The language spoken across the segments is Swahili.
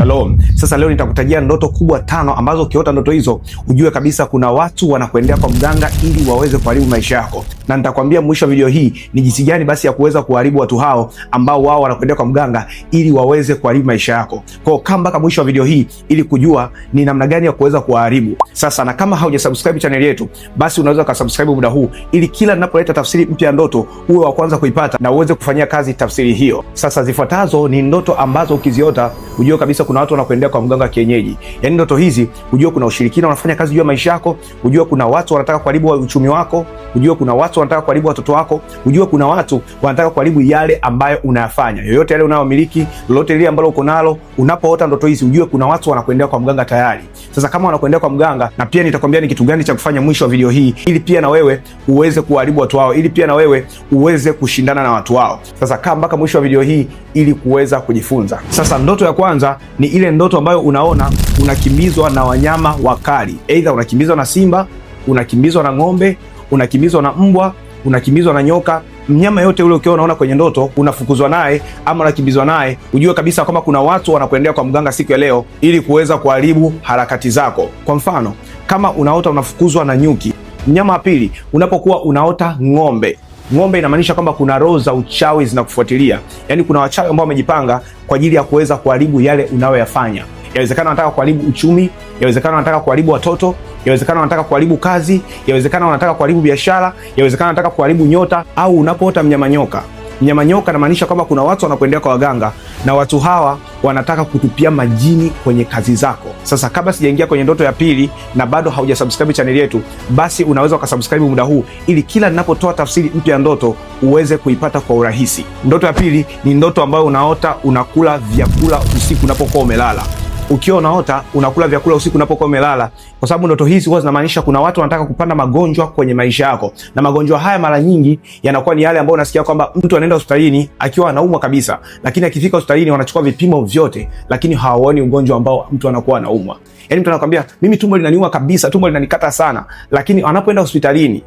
Shalom. Sasa leo nitakutajia ndoto kubwa tano ambazo ukiota ndoto hizo ujue kabisa kuna watu wanakuendea kwa mganga ili waweze kuharibu maisha yako, na nitakwambia mwisho wa video hii ni jinsi gani basi ya kuweza kuharibu watu hao ambao wao wanakuendea kwa mganga ili waweze kuharibu maisha yako. Kwa hiyo kaa mpaka mwisho wa video hii ili kujua ni namna gani ya kuweza kuharibu. Sasa na kama haujasubscribe channel yetu, basi unaweza kusubscribe muda huu ili kila ninapoleta tafsiri mpya ya ndoto uwe wa kwanza kuipata na uweze kufanyia kazi tafsiri hiyo. Sasa zifuatazo ni ndoto ambazo ukiziota ujue kabisa kuna watu wanakuendea kwa mganga kienyeji. Yaani ndoto hizi hujua kuna ushirikina unafanya kazi juu ya maisha yako, hujua kuna watu wanataka kuharibu uchumi wako, hujua kuna watu wanataka kuharibu watoto wako, hujua kuna watu wanataka kuharibu yale ambayo unayafanya. Yoyote yale unayomiliki, lolote lile ambalo uko nalo, unapoota ndoto hizi ujue kuna watu wanakuendea kwa mganga tayari. Sasa kama wanakuendea kwa mganga, na pia nitakwambia ni kitu gani cha kufanya mwisho wa video hii, ili pia na wewe uweze kuharibu watu wao, ili pia na wewe uweze kushindana na watu wao. Sasa kaa mpaka mwisho wa video hii ili kuweza kujifunza. Sasa ndoto ya kwanza ni ile ndoto ambayo unaona unakimbizwa na wanyama wakali, aidha unakimbizwa na simba, unakimbizwa na ng'ombe, unakimbizwa na mbwa, unakimbizwa na nyoka. Mnyama yote ule ukiwa unaona kwenye ndoto unafukuzwa naye ama unakimbizwa naye, ujue kabisa kwamba kuna watu wanakuendea kwa mganga siku ya leo ili kuweza kuharibu harakati zako. Kwa mfano, kama unaota unafukuzwa na nyuki. Mnyama wa pili, unapokuwa unaota ng'ombe ng'ombe inamaanisha kwamba kuna roho za uchawi zinakufuatilia, yaani kuna wachawi ambao wamejipanga kwa ajili ya kuweza kuharibu yale unayoyafanya. Yawezekana wanataka kuharibu uchumi, yawezekana wanataka kuharibu watoto, yawezekana wanataka kuharibu kazi, yawezekana wanataka kuharibu biashara, yawezekana wanataka kuharibu nyota, au unapoota mnyama nyoka Mnyamanyoka namaanisha kwamba kuna watu wanakuendea kwa waganga na watu hawa wanataka kutupia majini kwenye kazi zako. Sasa kabla sijaingia kwenye ndoto ya pili na bado haujasubscribe chaneli yetu, basi unaweza ukasubscribe muda huu ili kila ninapotoa tafsiri mpya ya ndoto uweze kuipata kwa urahisi. Ndoto ya pili ni ndoto ambayo unaota unakula vyakula usiku unapokuwa umelala ukiwa unaota unakula vyakula usiku unapokuwa umelala, kwa sababu ndoto hizi huwa zinamaanisha kuna watu wanataka kupanda magonjwa kwenye maisha yako, na magonjwa haya mara nyingi yanakuwa ni yale ambayo unasikia kwamba mtu anaenda hospitalini akiwa anaumwa kabisa, lakini akifika hospitalini wanachukua vipimo vyote, lakini hawaoni ugonjwa ambao mtu anakuwa anaumwa. Yani mtu anakwambia mimi tumbo linaniuma kabisa, tumbo linanikata sana, lakini anapoenda hospitalini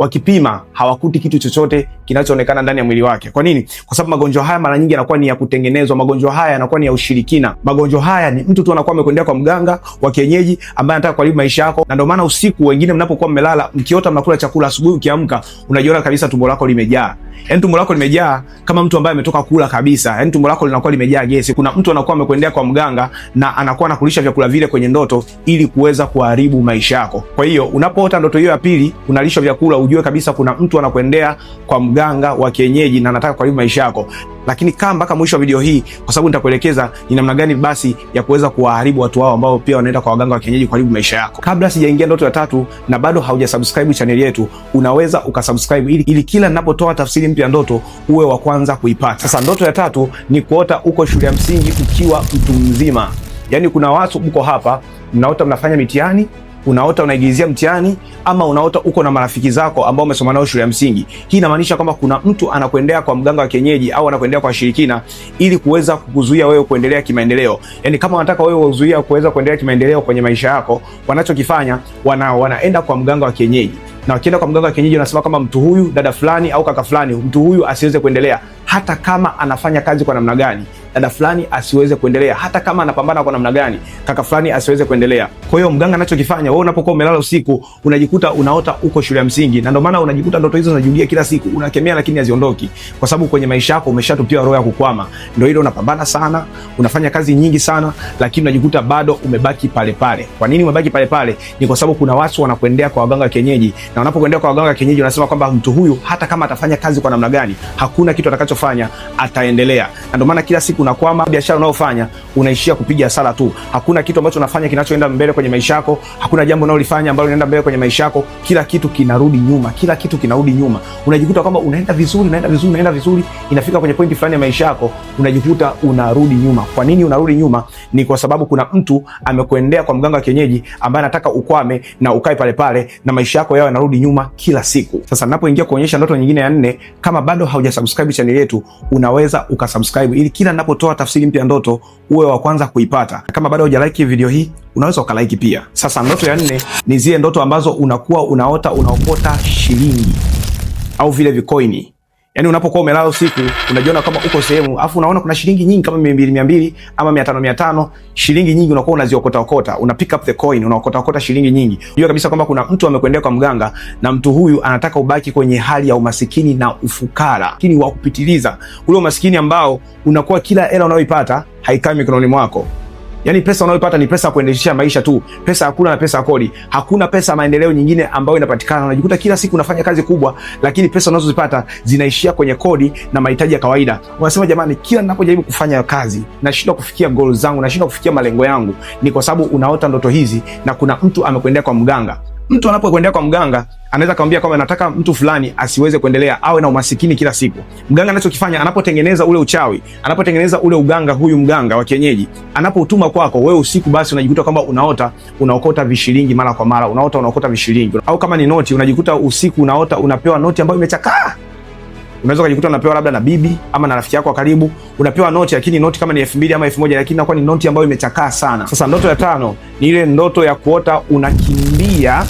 wakipima hawakuti kitu chochote kinachoonekana ndani ya mwili wake. Kwa nini? Kwa sababu magonjwa haya mara nyingi yanakuwa ni ya kutengenezwa, magonjwa haya yanakuwa ni ya ushirikina, magonjwa haya ni mtu tu anakuwa amekwenda kwa mganga wa kienyeji ambaye anataka kuharibu maisha yako. Na ndio maana usiku wengine mnapokuwa mmelala, mkiota mnakula chakula, asubuhi ukiamka unajiona kabisa tumbo lako limejaa, yaani tumbo lako limejaa kama mtu ambaye ametoka kula kabisa, yaani tumbo lako linakuwa limejaa gesi. Kuna mtu anakuwa amekwenda kwa mganga na anakuwa anakulisha vyakula vile kwenye ndoto ili kuweza kuharibu maisha yako. Kwa hiyo unapoota ndoto hiyo ya pili unalishwa vyakula ujue kabisa kuna mtu anakuendea kwa mganga wa kienyeji na anataka kuharibu maisha yako. Lakini kaa mpaka mwisho wa video hii, kwa sababu nitakuelekeza ni namna gani basi ya kuweza kuwaharibu watu hao ambao pia wanaenda kwa waganga wa kienyeji kuharibu maisha yako. Kabla sijaingia ndoto ya tatu, na bado haujasubscribe channel yetu, unaweza ukasubscribe ili, ili kila ninapotoa tafsiri mpya ndoto uwe wa kwanza kuipata. Sasa ndoto ya tatu ni kuota uko shule ya msingi ukiwa mtu mzima, yaani kuna watu mko hapa mnaota mnafanya mitihani unaota unaigizia mtihani ama unaota uko na marafiki zako ambao umesoma nao shule ya msingi. Hii inamaanisha kwamba kuna mtu anakuendea kwa mganga wa kienyeji au anakuendea kwa shirikina ili kuweza kukuzuia wewe kuendelea kimaendeleo. Yaani kama wanataka wewe uzuia kuweza kuendelea kimaendeleo kwenye maisha yako, wanachokifanya wana, wanaenda kwa mganga wa kienyeji na wakienda kwa mganga wa kienyeji wanasema kwamba mtu huyu dada fulani au kaka fulani, mtu huyu asiweze kuendelea hata kama anafanya kazi kwa namna gani dada fulani asiweze kuendelea, hata kama anapambana kwa namna gani, kaka fulani asiweze kuendelea. Kwa hiyo mganga anachokifanya wewe, unapokuwa umelala usiku, unajikuta unaota uko shule ya msingi, na ndio maana unajikuta ndoto hizo zinajirudia kila siku, unakemea lakini haziondoki, kwa sababu kwenye maisha yako umeshatupiwa roho ya kukwama. Ndio ile unapambana sana, unafanya kazi nyingi sana, lakini unajikuta bado umebaki pale pale. Kwa nini umebaki pale pale? Ni kwa sababu kuna watu wanakuendea kwa waganga kienyeji, na wanapokuendea kwa waganga kienyeji, unasema kwamba mtu huyu hata kama atafanya kazi kwa namna gani, hakuna kitu atakachofanya, ataendelea. Na ndio maana kila siku unakwama, biashara unayofanya unaishia kupiga hasara tu. Hakuna kitu ambacho unafanya kinachoenda mbele kwenye maisha yako, hakuna jambo unalolifanya ambalo linaenda mbele kwenye maisha yako. Kila kitu kinarudi nyuma, kila kitu kinarudi nyuma. Unajikuta kwamba unaenda vizuri, unaenda vizuri, unaenda vizuri, inafika kwenye pointi fulani ya maisha yako unajikuta unarudi nyuma. Kwa nini unarudi nyuma? Ni kwa sababu kuna mtu amekuendea kwa mganga wa kienyeji ambaye anataka ukwame na ukae pale pale, na maisha yako yao yanarudi nyuma kila siku. Sasa ninapoingia kuonyesha ndoto nyingine ya nne, kama bado haujasubscribe channel yetu, unaweza ukasubscribe ili kila ninapo ninapotoa tafsiri mpya ndoto uwe wa kwanza kuipata. Kama bado hujalike video hii, unaweza ukalike pia. Sasa ndoto ya nne ni zile ndoto ambazo unakuwa unaota unaokota shilingi au vile vikoini Yaani unapokuwa umelala usiku unajiona kama uko sehemu, afu unaona kuna shilingi nyingi kama 200 200 ama 500 500, shilingi nyingi unakuwa unaziokota okota, una pick up the coin, unaokota okota shilingi nyingi. Unajua kabisa kwamba kuna mtu amekwendea kwa mganga na mtu huyu anataka ubaki kwenye hali ya umasikini na ufukara. Lakini wa kupitiliza, ule umasikini ambao unakuwa kila hela unayoipata haikai mikononi mwako. Yaani pesa unayopata ni pesa ya kuendeshea maisha tu, pesa ya kula na pesa ya kodi. Hakuna pesa ya maendeleo nyingine ambayo inapatikana. Unajikuta kila siku unafanya kazi kubwa, lakini pesa unazozipata zinaishia kwenye kodi na mahitaji ya kawaida. Unasema jamani, kila ninapojaribu kufanya kazi nashindwa kufikia goal zangu, nashindwa kufikia malengo yangu. Ni kwa sababu unaota ndoto hizi na kuna mtu amekwendea kwa mganga. Mtu anapokwendea kwa mganga anaweza kumwambia kwamba nataka mtu fulani asiweze kuendelea awe na umasikini kila siku. Mganga anachokifanya anapotengeneza ule uchawi, anapotengeneza ule uganga, huyu mganga wa kienyeji anapotuma kwako wewe usiku, basi unajikuta kwamba unaota unaokota vishilingi mara kwa mara, unaota unaokota vishilingi, au kama ni noti unajikuta usiku unaota unapewa noti ambayo imechakaa unaweza kujikuta unapewa labda na bibi ama na rafiki yako wa karibu, unapewa noti, lakini noti kama ni 2000 ama 1000, lakini inakuwa ni noti ambayo imechakaa sana. Sasa ndoto ya tano ni ile ndoto ya kuota unakimbia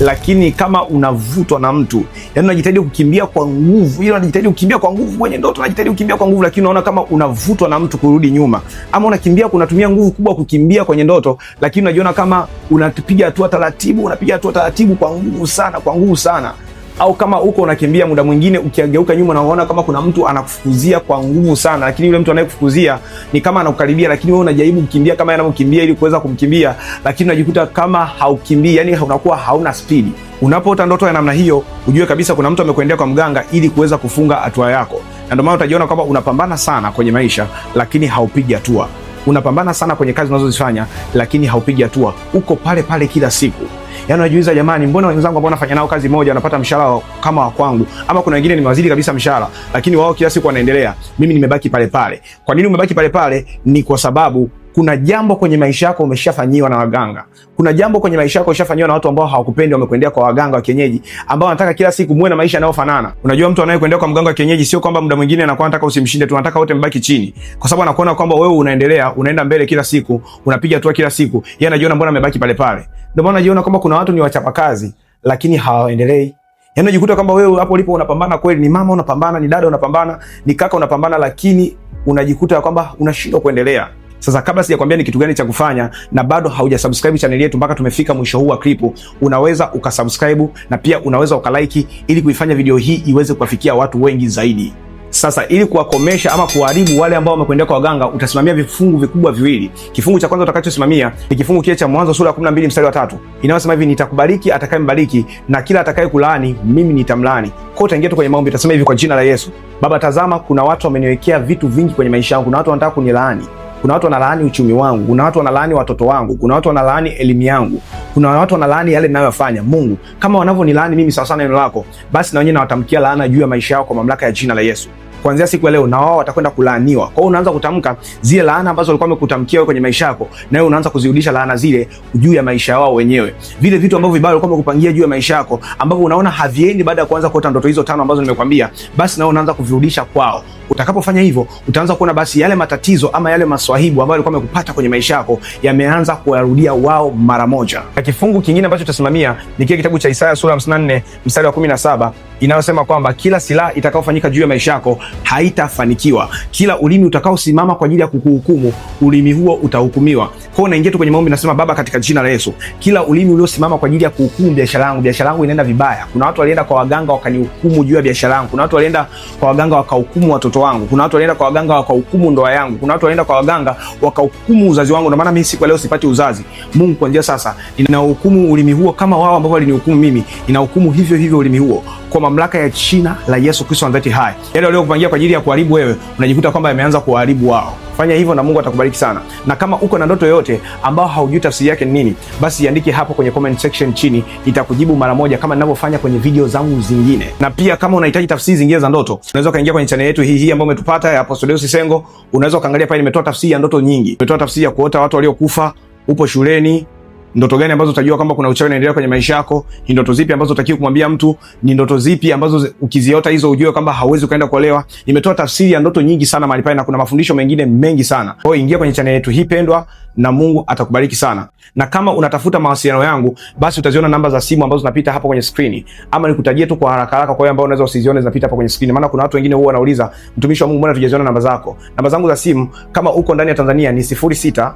lakini kama unavutwa na mtu yani, unajitahidi kukimbia kwa nguvu, ile unajitahidi kukimbia kwa nguvu kwenye ndoto, unajitahidi kukimbia kwa nguvu, lakini unaona kama unavutwa na mtu kurudi nyuma, ama unakimbia, kunatumia nguvu kubwa kukimbia kwenye ndoto, lakini unajiona kama unapiga hatua taratibu, unapiga hatua taratibu kwa nguvu sana, kwa nguvu sana au kama uko unakimbia, muda mwingine ukigeuka nyuma na unaona kama kuna mtu anakufukuzia kwa nguvu sana, lakini yule mtu anayekufukuzia ni kama anakukaribia, lakini wewe unajaribu kukimbia kama anavyokimbia ili kuweza kumkimbia, lakini unajikuta kama haukimbii, yani unakuwa hauna spidi. Unapoota ndoto ya namna hiyo, ujue kabisa kuna mtu amekuendea kwa mganga ili kuweza kufunga hatua yako, na ndio maana utajiona kwamba unapambana sana kwenye maisha, lakini haupigi hatua unapambana sana kwenye kazi unazozifanya, lakini haupigi hatua, uko pale pale kila siku. Yaani unajiuliza jamani, mbona wenzangu ambao nafanya nao kazi moja wanapata mshahara kama wa kwangu? Ama kuna wengine nimewazidi kabisa mshahara, lakini wao kila siku wanaendelea, mimi nimebaki pale pale. Kwa nini umebaki pale pale? Ni kwa sababu kuna jambo kwenye maisha yako umeshafanyiwa na waganga, kuna jambo kwenye maisha yako umeshafanyiwa na watu ambao hawakupendi, wamekuendea kwa waganga wa kienyeji ambao wanataka kila siku muwe na maisha yanayofanana. Unajua, mtu anayekuendea kwa mganga wa kienyeji sio kwamba muda mwingine anakuwa anataka usimshinde tu, anataka wote mbaki chini, kwa sababu anakuona kwamba wewe unaendelea, unaenda mbele kila siku, unapiga hatua kila siku, yeye anajiona mbona amebaki pale pale. Ndio maana anajiona kwamba kuna watu ni wachapakazi lakini hawaendelei. Yaani unajikuta kwamba wewe hapo ulipo unapambana kweli, ni mama unapambana, ni dada unapambana, ni kaka unapambana, lakini unajikuta kwamba unashindwa kuendelea. Sasa kabla sijakwambia ni kitu gani cha kufanya na bado haujasubscribe channel yetu mpaka tumefika mwisho huu wa clip, unaweza ukasubscribe na pia unaweza ukalike ili kuifanya video hii iweze kuwafikia watu wengi zaidi. Sasa ili kuwakomesha ama kuharibu wale ambao wamekwendea kwa waganga, utasimamia vifungu vikubwa viwili. Kifungu cha kwanza utakachosimamia ni kifungu kile cha Mwanzo sura ya 12 mstari wa tatu inayosema hivi, nitakubariki atakayembariki na kila atakayekulaani mimi nitamlaani. Kwa utaingia tu kwenye maombi, utasema hivi, kwa jina la Yesu, Baba, tazama kuna watu wameniwekea vitu vingi kwenye maisha yangu, kuna watu wanataka kunilaani kuna watu wanalaani uchumi wangu, kuna watu wanalaani watoto wangu, kuna watu wanalaani elimu yangu, kuna watu wanalaani yale ninayofanya. Mungu, kama wanavyonilaani mimi sawasawa na neno lako, basi na wenyewe nawatamkia laana juu ya maisha yao kwa mamlaka ya jina la Yesu. Kuanzia siku ya leo na wao watakwenda kulaaniwa. Kwa hiyo unaanza kutamka zile laana ambazo walikuwa wamekutamkia wewe kwenye maisha yako, na wewe unaanza kuzirudisha laana zile juu ya maisha yao wenyewe. Vile vitu ambavyo vibaya walikuwa wamekupangia juu ya maisha yako, ambavyo unaona haviendi baada ya kuanza kuota ndoto hizo tano ambazo nimekwambia, basi na wewe unaanza kuvirudisha kwao. Utakapofanya hivyo, utaanza kuona basi yale matatizo ama yale maswahibu ambayo yalikuwa yamekupata kwenye maisha yako yameanza kuyarudia wao mara moja. Kifungu kingine ambacho tutasimamia ni kile kitabu cha Isaya sura 54 mstari wa 17 inayosema kwamba kila silaha itakayofanyika juu ya maisha yako haitafanikiwa. Kila ulimi utakaosimama kwa ajili ya kukuhukumu, ulimi huo utahukumiwa. Kwao naingia tu kwenye maombi, nasema Baba, katika jina la Yesu, kila ulimi uliosimama kwa ajili ya kuhukumu biashara yangu, biashara yangu inaenda vibaya. Kuna watu walienda kwa waganga wakanihukumu juu ya biashara yangu, kuna watu walienda kwa waganga wakahukumu watoto wangu, kuna watu walienda kwa waganga wakahukumu ndoa yangu, kuna watu walienda kwa waganga wakahukumu uzazi wangu, ndio maana mimi siku leo sipati uzazi. Mungu, kuanzia sasa ninahukumu ulimi huo kama wao ambao walinihukumu mimi, ninahukumu hivyo hivyo ulimi huo kwa mamlaka ya china la Yesu Kristo andhati dhati hai. Yale waliokupangia kwa ajili ya kuharibu wewe, unajikuta kwamba yameanza kuharibu wao. Fanya hivyo na Mungu atakubariki sana. Na kama uko na ndoto yoyote ambao haujui tafsiri yake ni nini, basi iandike hapo kwenye comment section chini, itakujibu mara moja kama ninavyofanya kwenye video zangu zingine. Na pia kama unahitaji tafsiri zingine za ndoto, unaweza ukaingia kwenye channel yetu hii hii ambayo umetupata ya Apostolos Sengo, unaweza ukaangalia pale, nimetoa tafsiri ya ndoto nyingi. Nimetoa tafsiri ya kuota watu waliokufa, upo shuleni ndoto gani ambazo utajua kwamba kuna uchawi unaendelea kwenye maisha yako? Ni ndoto zipi ambazo utakiwa kumwambia mtu? Ni ndoto zipi ambazo ukiziota hizo ujue kwamba hauwezi ukaenda kuolewa? Nimetoa tafsiri ya ndoto nyingi sana mahali pale, na kuna mafundisho mengine mengi sana. Kwa hiyo ingia kwenye chaneli yetu hii pendwa, na Mungu atakubariki sana. Na kama unatafuta mawasiliano yangu, basi utaziona namba za simu ambazo zinapita hapo kwenye screen, ama nikutajie tu kwa haraka haraka, kwa wale ambao unaweza usizione zinapita hapo kwenye screen, maana kuna watu wengine huwa wanauliza, mtumishi wa Mungu, mbona tujaziona namba zako? Namba zangu za simu kama uko ndani ya Tanzania ni 0657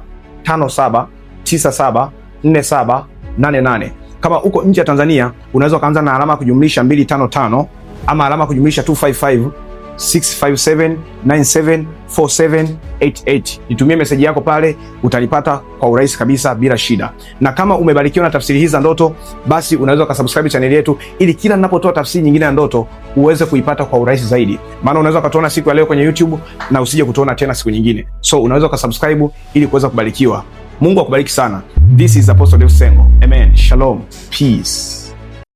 97 4788. Kama uko nje ya Tanzania unaweza ukaanza na alama ya kujumlisha 255 ama alama ya kujumlisha 255 657 Nitumie meseji yako pale, utalipata kwa urahisi kabisa bila shida. Na kama umebarikiwa na tafsiri hizi za ndoto, basi unaweza ukasubscribe chaneli yetu ili kila ninapotoa tafsiri nyingine ya ndoto uweze kuipata kwa urahisi zaidi, maana unaweza ukatuona siku ya leo kwenye YouTube na usije kutuona tena siku nyingine. So unaweza ukasubscribe ili kuweza kubarikiwa. Mungu akubariki sana. This is Apostle Dave Sengo. Amen. Shalom. Peace.